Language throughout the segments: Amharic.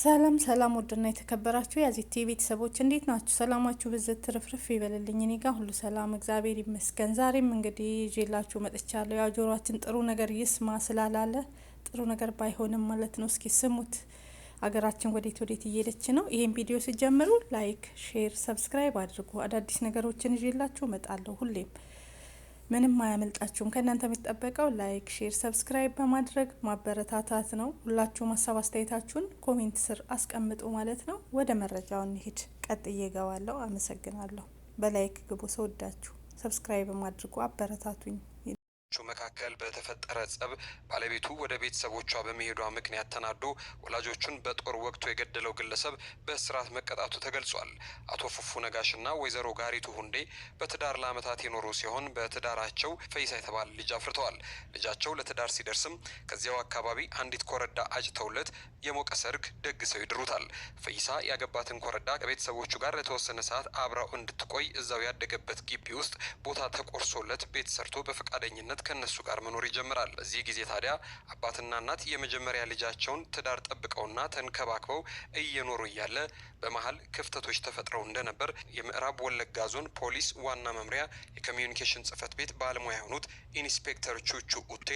ሰላም ሰላም ውድና የተከበራችሁ የዚህ ቲቪ ቤተሰቦች እንዴት ናችሁ? ሰላማችሁ ብዝት ትርፍርፍ ይበልልኝ። እኔ ጋር ሁሉ ሰላም እግዚአብሔር ይመስገን። ዛሬም እንግዲህ ይዤላችሁ መጥቻለሁ። ያው ጆሮአችን ጥሩ ነገር ይስማ ስላላለ ጥሩ ነገር ባይሆንም ማለት ነው። እስኪ ስሙት። አገራችን ወዴት ወዴት እየሄደች ነው? ይህን ቪዲዮ ሲጀምሩ ላይክ፣ ሼር፣ ሰብስክራይብ አድርጉ። አዳዲስ ነገሮችን ይዤላችሁ እመጣለሁ ሁሌም ምንም አያመልጣችሁም። ከእናንተ የሚጠበቀው ላይክ፣ ሼር፣ ሰብስክራይብ በማድረግ ማበረታታት ነው። ሁላችሁም ሀሳብ አስተያየታችሁን ኮሜንት ስር አስቀምጡ ማለት ነው። ወደ መረጃው እንሂድ። ቀጥዬ እገባለሁ። አመሰግናለሁ። በላይክ ግቡ። ሰወዳችሁ ሰብስክራይብ አድርጉ። አበረታቱኝ። መካከል በተፈጠረ ጸብ ባለቤቱ ወደ ቤተሰቦቿ በመሄዷ ምክንያት ተናዶ ወላጆቹን በጦር ወቅቱ የገደለው ግለሰብ በእስራት መቀጣቱ ተገልጿል። አቶ ፉፉ ነጋሽና ወይዘሮ ጋሪቱ ሁንዴ በትዳር ለዓመታት የኖሩ ሲሆን በትዳራቸው ፈይሳ የተባለ ልጅ አፍርተዋል። ልጃቸው ለትዳር ሲደርስም ከዚያው አካባቢ አንዲት ኮረዳ አጭተውለት የሞቀ ሰርግ ደግሰው ይድሩታል። ፈይሳ ያገባትን ኮረዳ ከቤተሰቦቹ ጋር ለተወሰነ ሰዓት አብራው እንድትቆይ እዛው ያደገበት ግቢ ውስጥ ቦታ ተቆርሶለት ቤት ሰርቶ በፈቃደኝነት ከ ከነሱ ጋር መኖር ይጀምራል። በዚህ ጊዜ ታዲያ አባትና እናት የመጀመሪያ ልጃቸውን ትዳር ጠብቀውና ተንከባክበው እየኖሩ እያለ በመሀል ክፍተቶች ተፈጥረው እንደነበር የምዕራብ ወለጋ ዞን ፖሊስ ዋና መምሪያ የኮሚዩኒኬሽን ጽህፈት ቤት ባለሙያ የሆኑት ኢንስፔክተር ቹቹ ኡቴ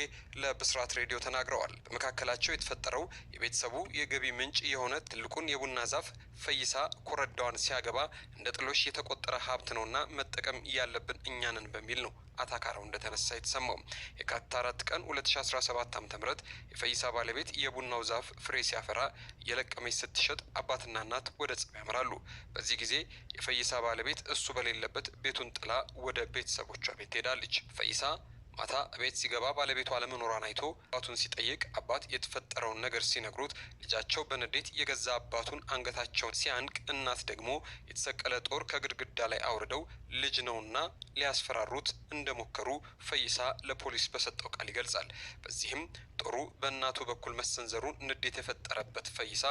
ለብስራት ሬዲዮ ተናግረዋል። በመካከላቸው የተፈጠረው የቤተሰቡ የገቢ ምንጭ የሆነ ትልቁን የቡና ዛፍ ፈይሳ ኮረዳዋን ሲያገባ እንደ ጥሎሽ የተቆጠረ ሀብት ነውና መጠቀም ያለብን እኛንን በሚል ነው አታካራው እንደተነሳ የተሰማው የካቲት አራት ቀን 2017 ዓ ም የፈይሳ ባለቤት የቡናው ዛፍ ፍሬ ሲያፈራ የለቀመች ስትሸጥ አባትና እናት ወደ ጽም ያምራሉ። በዚህ ጊዜ የፈይሳ ባለቤት እሱ በሌለበት ቤቱን ጥላ ወደ ቤተሰቦቿ ቤት ትሄዳለች። ፈይሳ ማታ ቤት ሲገባ ባለቤቷ አለመኖሯን አይቶ አባቱን ሲጠይቅ አባት የተፈጠረውን ነገር ሲነግሩት ልጃቸው በንዴት የገዛ አባቱን አንገታቸውን ሲያንቅ፣ እናት ደግሞ የተሰቀለ ጦር ከግድግዳ ላይ አውርደው ልጅ ነውና ሊያስፈራሩት እንደሞከሩ ፈይሳ ለፖሊስ በሰጠው ቃል ይገልጻል። በዚህም ጦሩ በእናቱ በኩል መሰንዘሩ ንዴት የፈጠረበት ፈይሳ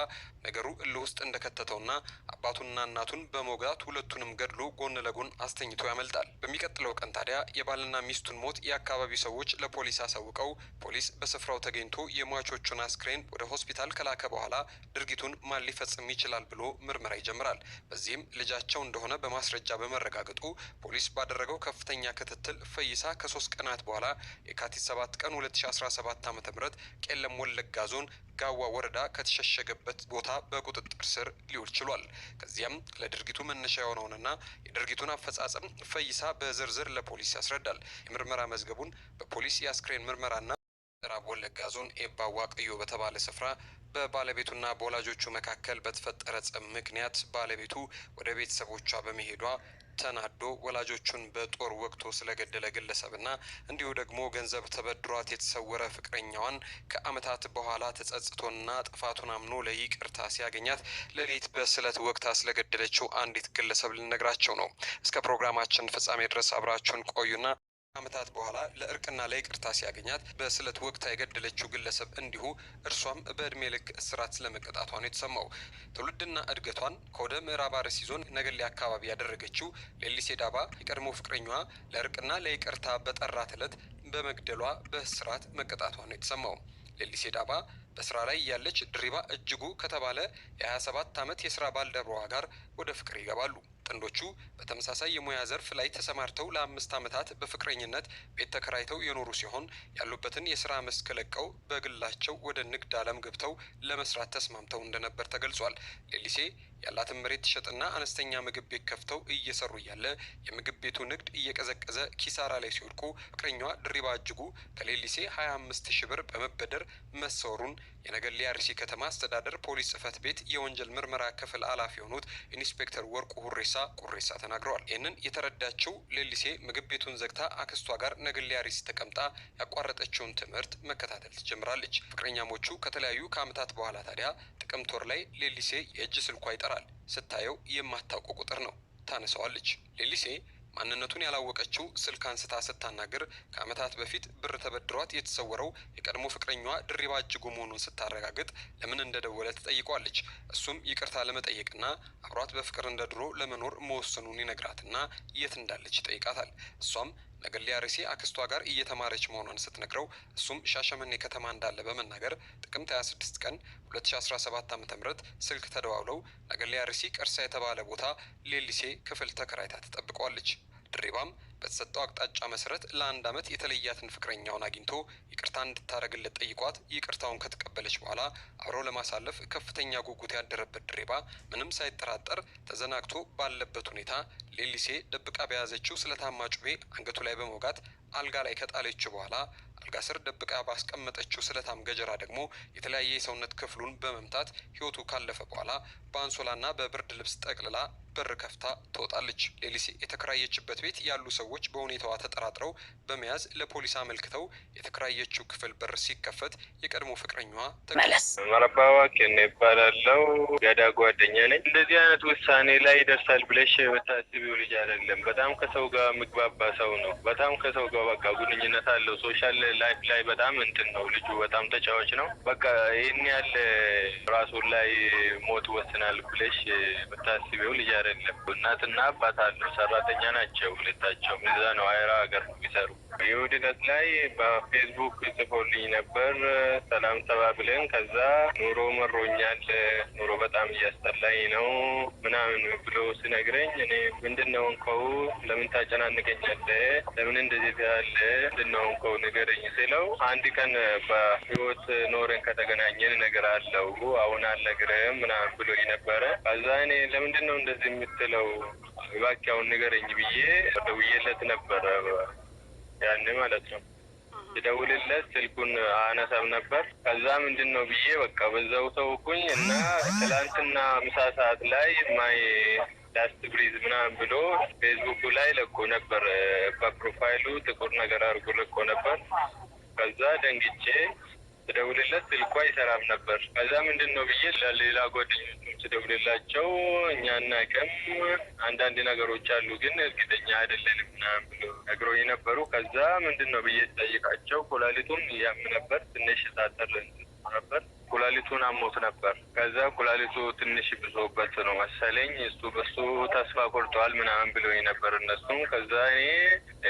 ነገሩ እልህ ውስጥ እንደከተተውና አባቱና እናቱን በመውጋት ሁለቱንም ገድሎ ጎን ለጎን አስተኝቶ ያመልጣል። በሚቀጥለው ቀን ታዲያ የባልና ሚስቱን ሞት የአካባቢው ሰዎች ለፖሊስ አሳውቀው ፖሊስ በስፍራው ተገኝቶ የሟቾቹን አስክሬን ወደ ሆስፒታል ከላከ በኋላ ድርጊቱን ማን ሊፈጽም ይችላል ብሎ ምርመራ ይጀምራል። በዚህም ልጃቸው እንደሆነ በማስረጃ በመረጋገጡ ፖሊስ ባደረገው ከፍተኛ ክትትል ፈይሳ ከሶስት ቀናት በኋላ የካቲት 7 ቀን 2017 ም ብረት ቄለም ወለጋ ዞን ጋዋ ወረዳ ከተሸሸገበት ቦታ በቁጥጥር ስር ሊውል ችሏል። ከዚያም ለድርጊቱ መነሻ የሆነውንና የድርጊቱን አፈጻጸም ፈይሳ በዝርዝር ለፖሊስ ያስረዳል። የምርመራ መዝገቡን በፖሊስ የአስክሬን ምርመራና ምዕራብ ወለጋ ዞን ኤባ ዋቅዮ በተባለ ስፍራ በባለቤቱና በወላጆቹ መካከል በተፈጠረ ጸብ ምክንያት ባለቤቱ ወደ ቤተሰቦቿ በመሄዷ ተናዶ ወላጆቹን በጦር ወቅቶ ስለገደለ ግለሰብና እንዲሁ ደግሞ ገንዘብ ተበድሯት የተሰወረ ፍቅረኛዋን ከዓመታት በኋላ ተጸጽቶና ጥፋቱን አምኖ ለይቅርታ ሲያገኛት ሌሊት በስለት ወቅታ ስለገደለችው አንዲት ግለሰብ ልነግራቸው ነው። እስከ ፕሮግራማችን ፍጻሜ ድረስ አብራችሁን ቆዩና ዓመታት በኋላ ለእርቅና ለይቅርታ ሲያገኛት በስለት ወቅታ የገደለችው ግለሰብ እንዲሁ እርሷም በእድሜ ልክ እስራት ስለመቀጣቷ ነው የተሰማው። ትውልድና እድገቷን ከወደ ምዕራብ አርሲ ዞን ነገሌ አካባቢ ያደረገችው ሌሊሴ ዳባ የቀድሞ ፍቅረኛዋ ለእርቅና ለይቅርታ በጠራት ዕለት በመግደሏ በእስራት መቀጣቷ ነው የተሰማው። ሌሊሴ ዳባ በስራ ላይ ያለች ድሪባ እጅጉ ከተባለ የ27 ዓመት የስራ ባልደረባዋ ጋር ወደ ፍቅር ይገባሉ። ጥንዶቹ በተመሳሳይ የሙያ ዘርፍ ላይ ተሰማርተው ለአምስት ዓመታት በፍቅረኝነት ቤት ተከራይተው የኖሩ ሲሆን ያሉበትን የስራ መስክ ለቀው በግላቸው ወደ ንግድ ዓለም ገብተው ለመስራት ተስማምተው እንደነበር ተገልጿል። ሌሊሴ ያላትን መሬት ትሸጥና አነስተኛ ምግብ ቤት ከፍተው እየሰሩ እያለ የምግብ ቤቱ ንግድ እየቀዘቀዘ ኪሳራ ላይ ሲወድቁ ፍቅረኛዋ ድሪባ እጅጉ ከሌሊሴ 25 ሺ ብር በመበደር መሰወሩን የነገሌ አርሲ ከተማ አስተዳደር ፖሊስ ጽህፈት ቤት የወንጀል ምርመራ ክፍል ኃላፊ የሆኑት ኢንስፔክተር ወርቁ ሁሬሳ ቁሬሳ ተናግረዋል። ይህንን የተረዳችው ሌሊሴ ምግብ ቤቱን ዘግታ አክስቷ ጋር ነገሌ አርሲ ተቀምጣ ያቋረጠችውን ትምህርት መከታተል ትጀምራለች። ፍቅረኛሞቹ ከተለያዩ ከዓመታት በኋላ ታዲያ ጥቅምት ወር ላይ ሌሊሴ የእጅ ስልኳ ይጠራል። ስታየው የማታውቀው ቁጥር ነው። ታነሳዋለች። ሌሊሴ ማንነቱን ያላወቀችው ስልክ አንስታ ስታናግር ከዓመታት በፊት ብር ተበድሯት የተሰወረው የቀድሞ ፍቅረኛዋ ድሪባ እጅጉ መሆኑን ስታረጋግጥ ለምን እንደደወለ ትጠይቋለች። እሱም ይቅርታ ለመጠየቅና አብሯት በፍቅር እንደድሮ ለመኖር መወሰኑን ይነግራትና የት እንዳለች ይጠይቃታል። እሷም ነገሌ አርሴ አክስቷ ጋር እየተማረች መሆኗን ስትነግረው እሱም ሻሸመኔ ከተማ እንዳለ በመናገር ጥቅምት 26 ቀን 2017 ዓ.ም ስልክ ተደዋውለው ነገሌ አርሴ ቅርሳ የተባለ ቦታ ሌሊሴ ክፍል ተከራይታ ተጠብቋለች። ድሪባም በተሰጠው አቅጣጫ መሰረት ለአንድ ዓመት የተለያትን ፍቅረኛውን አግኝቶ ይቅርታ እንድታደርግለት ጠይቋት ይቅርታውን ከተቀበለች በኋላ አብሮ ለማሳለፍ ከፍተኛ ጉጉት ያደረበት ድሬባ ምንም ሳይጠራጠር ተዘናግቶ ባለበት ሁኔታ ሌሊሴ ደብቃ በያዘችው ስለታማ ጩቤ አንገቱ ላይ በመውጋት አልጋ ላይ ከጣለችው በኋላ አልጋ ስር ደብቃ ባስቀመጠችው ስለታም ገጀራ ደግሞ የተለያየ የሰውነት ክፍሉን በመምታት ህይወቱ ካለፈ በኋላ በአንሶላና በብርድ ልብስ ጠቅልላ በር ከፍታ ትወጣለች። ሌሊሴ የተከራየችበት ቤት ያሉ ሰዎች በሁኔታዋ ተጠራጥረው በመያዝ ለፖሊስ አመልክተው የተከራየችው ክፍል በር ሲከፈት የቀድሞ ፍቅረኛዋ ተመለስ መረባባክ ይባላለው ገዳ ጓደኛ ነኝ። እንደዚህ አይነት ውሳኔ ላይ ይደርሳል ብለሽ የምታስቢው ልጅ አይደለም። በጣም ከሰው ጋር ምግባባ ሰው ነው። በጣም ከሰው ጋር በቃ ግንኙነት አለው። ሶሻል ላይፍ ላይ በጣም እንትን ነው። ልጁ በጣም ተጫዋች ነው። በቃ ይህን ያለ ራሱን ላይ ሞት ወስናል ብለሽ የምታስቢው ልጅ አይደለም። አይደለም። እናትና አባት አሉ፣ ሰራተኛ ናቸው። ሁለታቸው እዛ ነው አይራ ሀገር የሚሰሩ ይሁድ ላይ በፌስቡክ ጽፎልኝ ነበር ሰላም ሰባ ብለን። ከዛ ኑሮ መሮኛል፣ ኑሮ በጣም እያስጠላኝ ነው ምናምን ብሎ ስነግረኝ እኔ ምንድን ነው እንከው ለምን ታጨናንቀኛለህ? ለምን እንደዚህ ትላለህ? ምንድን ነው እንከው ንገረኝ ስለው አንድ ቀን በህይወት ኖረን ከተገናኘን ነገር አለው አሁን አልነግርህም ምናምን ብሎ ነበረ። ከዛ እኔ ለምንድን ነው እንደዚህ የምትለው እባክህ አሁን ንገረኝ ብዬ ደውዬለት ነበረ። ያኔ ማለት ነው። ስደውልለት ስልኩን አነሳም ነበር። ከዛ ምንድን ነው ብዬ በቃ በዛው ተውኩኝ እና ትላንትና ምሳ ሰዓት ላይ ማይ ላስት ብሪዝ ምናምን ብሎ ፌስቡኩ ላይ ለቆ ነበር። በፕሮፋይሉ ጥቁር ነገር አድርጎ ለቆ ነበር። ከዛ ደንግጬ ስደውልለት ስልኩ አይሰራም ነበር። ከዛ ምንድን ነው ብዬ ለሌላ ጓደኞች ስደውልላቸው እኛ እናቅም አንዳንድ ነገሮች አሉ ግን እርግጠኛ አይደለንም ምናምን ብሎ ነግሮኝ ነበሩ። ከዛ ምንድን ነው ብዬ ስጠይቃቸው ኮላሊቱም ያም ነበር ትንሽ ሳተር ነበር ኩላሊቱን አሞት ነበር። ከዛ ኩላሊቱ ትንሽ ብሶበት ነው መሰለኝ እሱ በሱ ተስፋ ቆርጠዋል ምናምን ብሎኝ ነበር እነሱም። ከዛ እኔ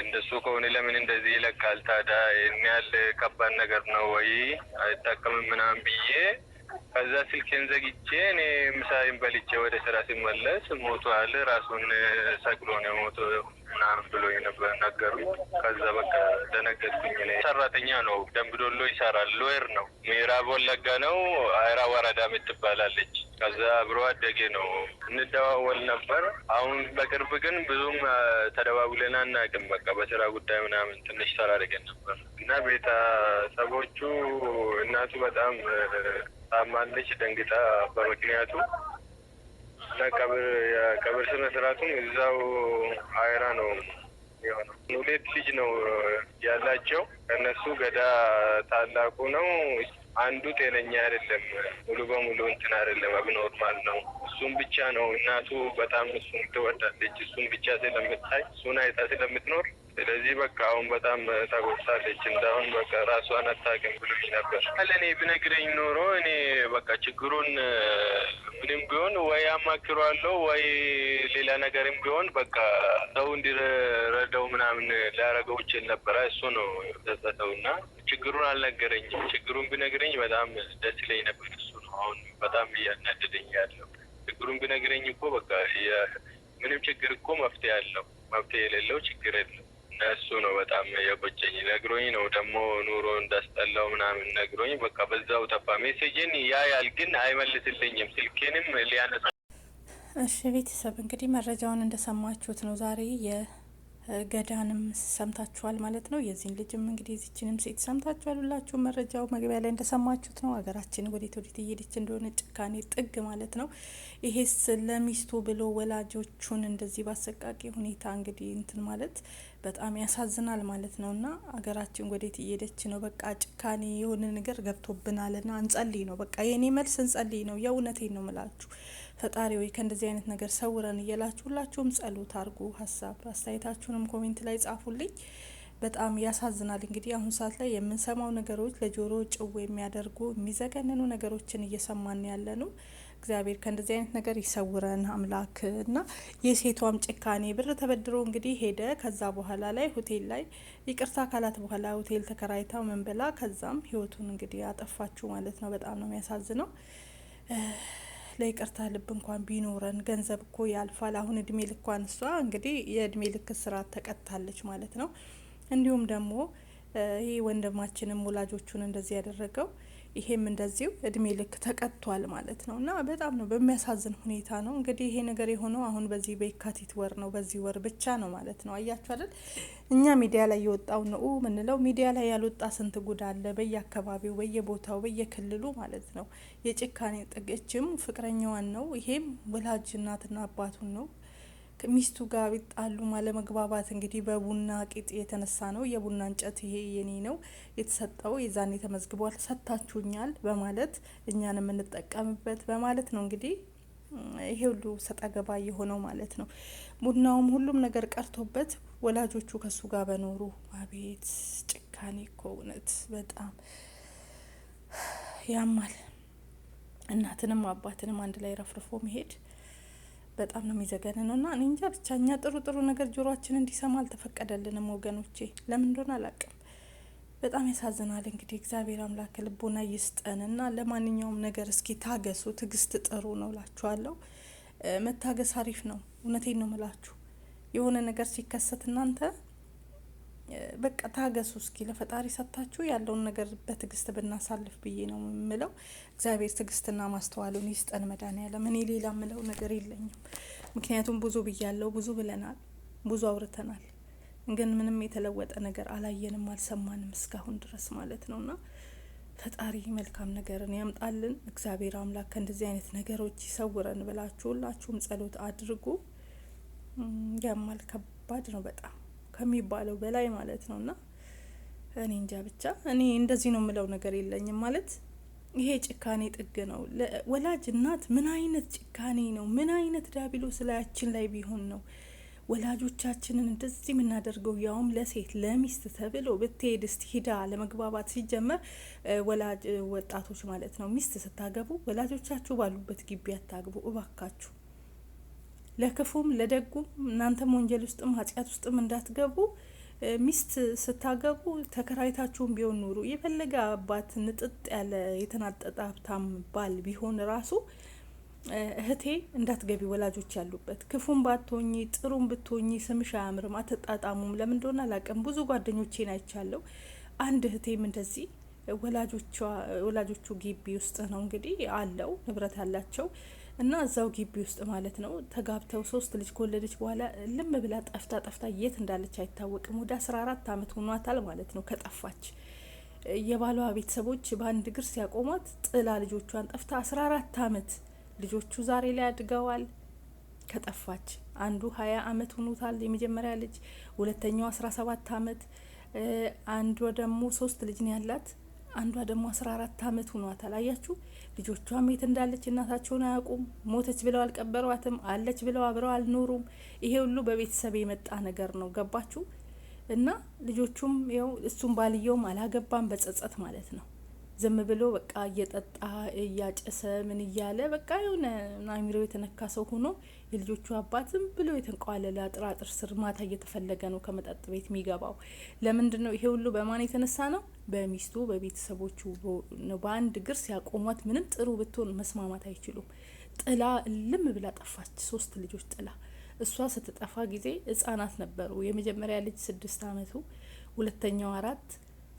እንደሱ ከሆነ ለምን እንደዚህ ይለቃል ታዲያ የሚያል ከባድ ነገር ነው ወይ አይጠቀምም ምናምን ብዬ ከዛ ስልኬን ዘግቼ እኔ ምሳይን በልቼ ወደ ስራ ሲመለስ ሞቷል። ራሱን ሰቅሎ ነው የሞተው። ምናምን ብሎ ነበር ነገሩ። ከዛ በቃ ደነገጥኩኝ። ሰራተኛ ነው፣ ደምቢ ይሰራል። ሎየር ነው፣ ምዕራብ ወለጋ ነው፣ አይራ ወረዳ ትባላለች። ከዛ አብሮ አደጌ ነው፣ እንደዋወል ነበር። አሁን በቅርብ ግን ብዙም ተደባብለን አናውቅም። በቃ በስራ ጉዳይ ምናምን ትንሽ ተራርገን ነበር እና ቤተሰቦቹ እናቱ በጣም ታማለች ደንግጣ በምክንያቱ ቀብር የቀብር ስነ ስርዓቱም እዛው አይራ ነው የሆነው። ሁለት ልጅ ነው ያላቸው። ከእነሱ ገዳ ታላቁ ነው። አንዱ ጤነኛ አይደለም፣ ሙሉ በሙሉ እንትን አይደለም፣ አብኖርማል ነው። እሱም ብቻ ነው እናቱ በጣም እሱን ትወዳለች። እሱም ብቻ ስለምታይ እሱን አይታ ስለምትኖር ስለዚህ በቃ አሁን በጣም ተጎድታለች። እንዳሁን በቃ ራሷን አታውቅም ብሎኝ ነበር። ለእኔ ብነግረኝ ኖሮ እኔ በቃ ችግሩን ምንም ቢሆን ወይ አማክሯለሁ ወይ ሌላ ነገርም ቢሆን በቃ ሰው እንዲረዳው ምናምን ሊያረገው ይችል ነበረ። እሱ ነው የጸጸተው እና ችግሩን አልነገረኝም። ችግሩን ብነግረኝ በጣም ደስ ይለኝ ነበር። እሱ ነው አሁን በጣም እያናደደኝ ያለው። ችግሩን ብነግረኝ እኮ በቃ ምንም ችግር እኮ መፍትሄ አለው። መፍትሄ የሌለው ችግር የለም። እሱ ነው በጣም የቆጨኝ። ነግሮኝ ነው ደግሞ ኑሮ እንዳስጠላው ምናምን ነግሮኝ፣ በቃ በዛው ተባ ሜሴጅን ያ ግን አይመልስልኝም፣ ስልኬንም ሊያነሳ። እሺ ቤተሰብ እንግዲህ መረጃውን እንደሰማችሁት ነው ዛሬ ገዳንም ሰምታችኋል ማለት ነው። የዚህን ልጅም እንግዲህ የዚችንም ሴት ሰምታችኋል ሁላችሁ። መረጃው መግቢያ ላይ እንደሰማችሁት ነው። ሀገራችን ወዴት ወዴት እየሄደች እንደሆነ ጭካኔ ጥግ ማለት ነው። ይሄስ ለሚስቱ ብሎ ወላጆቹን እንደዚህ በአሰቃቂ ሁኔታ እንግዲህ እንትን ማለት በጣም ያሳዝናል ማለት ነው። እና ሀገራችን ወዴት እየሄደች ነው? በቃ ጭካኔ የሆነ ነገር ገብቶብናል። ና እንጸልይ ነው በቃ የኔ መልስ እንጸልይ ነው። የእውነቴን ነው ምላችሁ ፈጣሪ ወይ ከእንደዚህ አይነት ነገር ሰውረን እያላችሁ ሁላችሁም ጸሎት አርጉ ሀሳብ አስተያየታችሁንም ኮሜንት ላይ ጻፉልኝ። በጣም ያሳዝናል። እንግዲህ አሁን ሰዓት ላይ የምንሰማው ነገሮች ለጆሮ ጭው የሚያደርጉ የሚዘገንኑ ነገሮችን እየሰማን ያለ ነው። እግዚአብሔር ከእንደዚህ አይነት ነገር ይሰውረን አምላክ እና የሴቷም ጭካኔ ብር ተበድሮ እንግዲህ ሄደ። ከዛ በኋላ ላይ ሆቴል ላይ ይቅርታ አካላት በኋላ ሆቴል ተከራይታ መንበላ ከዛም ህይወቱን እንግዲህ አጠፋችሁ ማለት ነው። በጣም ነው የሚያሳዝነው። ለይቅርታ ልብ እንኳን ቢኖረን ገንዘብ እኮ ያልፋል። አሁን እድሜ ልኳን እሷ እንግዲህ የእድሜ ልክ ስርዓት ተቀጥታለች ማለት ነው። እንዲሁም ደግሞ ይህ ወንድማችንም ወላጆቹን እንደዚህ ያደረገው ይሄም እንደዚሁ እድሜ ልክ ተቀጥቷል ማለት ነው እና በጣም ነው በሚያሳዝን ሁኔታ ነው እንግዲህ ይሄ ነገር የሆነው አሁን በዚህ በየካቲት ወር ነው። በዚህ ወር ብቻ ነው ማለት ነው። አያችሁ አይደል? እኛ ሚዲያ ላይ የወጣው ነው ምንለው፣ ሚዲያ ላይ ያልወጣ ስንት ጉድ አለ በየአካባቢው፣ በየቦታው፣ በየክልሉ ማለት ነው። የጭካኔ ጥግ እችም ፍቅረኛዋን ነው ይሄም ወላጅ እናትና አባቱን ነው ሚስቱ ጋር ቢጣሉ አለመግባባት እንግዲህ በቡና ቂጥ የተነሳ ነው። የቡና እንጨት ይሄ የኔ ነው የተሰጠው የዛኔ ተመዝግቧል፣ ሰጥታችሁኛል በማለት እኛን የምንጠቀምበት በማለት ነው እንግዲህ ይሄ ሁሉ ሰጠገባ የሆነው ማለት ነው። ቡናውም ሁሉም ነገር ቀርቶበት ወላጆቹ ከሱ ጋር በኖሩ አቤት ጭካኔ እኮ እውነት በጣም ያማል። እናትንም አባትንም አንድ ላይ ረፍርፎ መሄድ በጣም ነው የሚዘገንነው እና እኔ እንጃ ብቻ እኛ ጥሩ ጥሩ ነገር ጆሮችን እንዲሰማ አልተፈቀደልንም ወገኖቼ፣ ለምን እንደሆነ አላቅም በጣም ያሳዝናል። እንግዲህ እግዚአብሔር አምላክ ልቦና ይስጠን እና ለማንኛውም ነገር እስኪ ታገሱ። ትግስት ጥሩ ነው ላችኋለሁ። መታገስ አሪፍ ነው። እውነቴን ነው ምላችሁ የሆነ ነገር ሲከሰት እናንተ በቃ ታገሱ እስኪ ለፈጣሪ ሰጥታችሁ ያለውን ነገር በትዕግስት ብናሳልፍ ብዬ ነው የምለው። እግዚአብሔር ትዕግስትና ማስተዋሉን ይስጠን። መድኃኒዓለም እኔ ሌላ ምለው ነገር የለኝም። ምክንያቱም ብዙ ብያለው፣ ብዙ ብለናል፣ ብዙ አውርተናል። ግን ምንም የተለወጠ ነገር አላየንም፣ አልሰማንም እስካሁን ድረስ ማለት ነውና ፈጣሪ መልካም ነገርን ያምጣልን። እግዚአብሔር አምላክ ከእንደዚህ አይነት ነገሮች ይሰውረን ብላችሁ ሁላችሁም ጸሎት አድርጉ። ያማል ከባድ ነው በጣም ከሚባለው በላይ ማለት ነው። እና እኔ እንጃ ብቻ እኔ እንደዚህ ነው የምለው ነገር የለኝም ማለት ይሄ ጭካኔ ጥግ ነው። ወላጅ እናት ምን አይነት ጭካኔ ነው? ምን አይነት ዲያብሎስ ላያችን ላይ ቢሆን ነው ወላጆቻችንን እንደዚህ የምናደርገው? ያውም ለሴት ለሚስት ተብሎ ብትሄድ እስቲ ሂዳ ለመግባባት ሲጀመር ወላጅ ወጣቶች ማለት ነው ሚስት ስታገቡ ወላጆቻችሁ ባሉበት ግቢ አታግቡ እባካችሁ። ለክፉም ለደጉም እናንተም ወንጀል ውስጥም ኃጢአት ውስጥም እንዳትገቡ ሚስት ስታገቡ ተከራይታችሁን ቢሆን ኑሩ። የፈለገ አባት ንጥጥ ያለ የተናጠጠ ሀብታም ባል ቢሆን ራሱ እህቴ እንዳትገቢ ወላጆች ያሉበት ክፉም ባትሆኚ ጥሩም ብትሆኚ ስምሽ አያምርም፣ አትጣጣሙም። ለምን እንደሆነ ብዙ ጓደኞቼን አይቻለሁ። አንድ እህቴም እንደዚህ ወላጆቹ ግቢ ውስጥ ነው እንግዲህ አለው ንብረት ያላቸው እና እዛው ግቢ ውስጥ ማለት ነው ተጋብተው ሶስት ልጅ ከወለደች በኋላ ልም ብላ ጠፍታ ጠፍታ የት እንዳለች አይታወቅም። ወደ አስራ አራት አመት ሆኗታል ማለት ነው ከጠፋች። የባሏ ቤተሰቦች በአንድ እግር ሲያቆሟት ጥላ ልጆቿን ጠፍታ አስራ አራት አመት ልጆቹ ዛሬ ላይ አድገዋል። ከጠፋች አንዱ ሀያ አመት ሆኖታል የመጀመሪያ ልጅ፣ ሁለተኛው አስራ ሰባት አመት አንዷ ደግሞ ሶስት ልጅ ነው ያላት። አንዷ ደግሞ አስራ አራት አመት ሆኗታል። አያችሁ ልጆቿም የት እንዳለች እናታቸውን አያውቁም። ሞተች ብለው አልቀበሯትም፣ አለች ብለው አብረው አልኖሩም። ይሄ ሁሉ በቤተሰብ የመጣ ነገር ነው። ገባችሁ? እና ልጆቹም ያው እሱም ባልየውም አላገባም በጸጸት ማለት ነው። ዝም ብሎ በቃ እየጠጣ እያጨሰ ምን እያለ በቃ የሆነ አይምሮ የተነካ ሰው ሆኖ የልጆቹ አባት ዝም ብሎ የተንቋለለ አጥራጥር ስር ማታ እየተፈለገ ነው ከመጠጥ ቤት የሚገባው። ለምንድን ነው ይሄ ሁሉ? በማን የተነሳ ነው? በሚስቱ በቤተሰቦቹ ነው። በአንድ እግር ሲያቆሟት ምንም ጥሩ ብትሆን መስማማት አይችሉም። ጥላ ልም ብላ ጠፋች። ሶስት ልጆች ጥላ እሷ ስትጠፋ ጊዜ ህጻናት ነበሩ። የመጀመሪያ ልጅ ስድስት አመቱ፣ ሁለተኛው አራት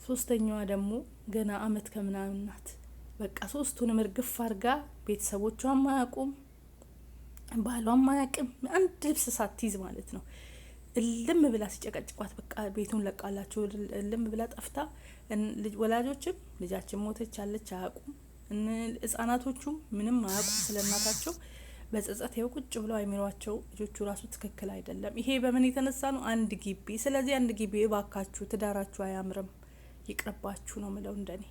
ሶስተኛዋ ደግሞ ገና አመት ከምናምን ናት። በቃ ሶስቱንም እርግፍ አርጋ ቤተሰቦቿም አያውቁም፣ ባሏም አያውቅም። አንድ ልብስ ሳትይዝ ማለት ነው። እልም ብላ ሲጨቀጭቋት በቃ ቤቱን ለቃላችሁ እልም ብላ ጠፍታ፣ ወላጆችም ልጃችን ሞተች አለች አያውቁም፣ ህጻናቶቹም ምንም አያውቁም ስለ እናታቸው። በጸጸት ያው ቁጭ ብለው አይሚሯቸው ልጆቹ ራሱ ትክክል አይደለም። ይሄ በምን የተነሳ ነው? አንድ ግቢ። ስለዚህ አንድ ግቢ እባካችሁ፣ ትዳራችሁ አያምርም። ይቅርባችሁ ነው ምለው እንደኔ